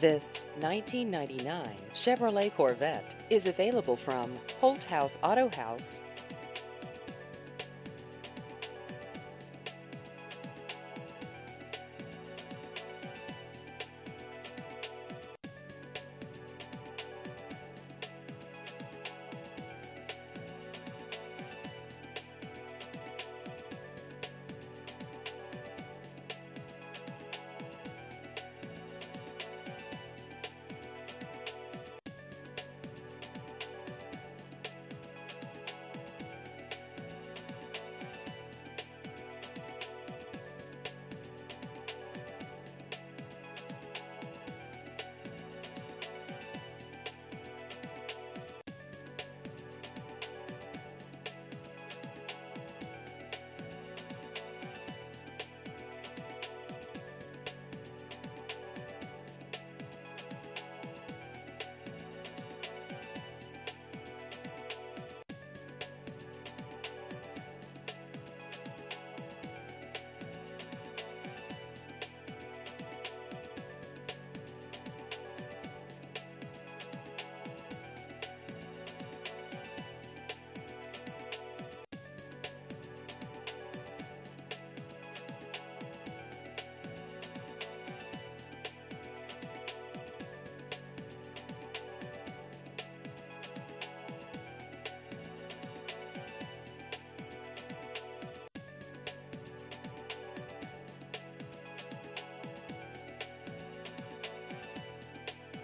This 1999 Chevrolet Corvette is available from Holt House Auto House.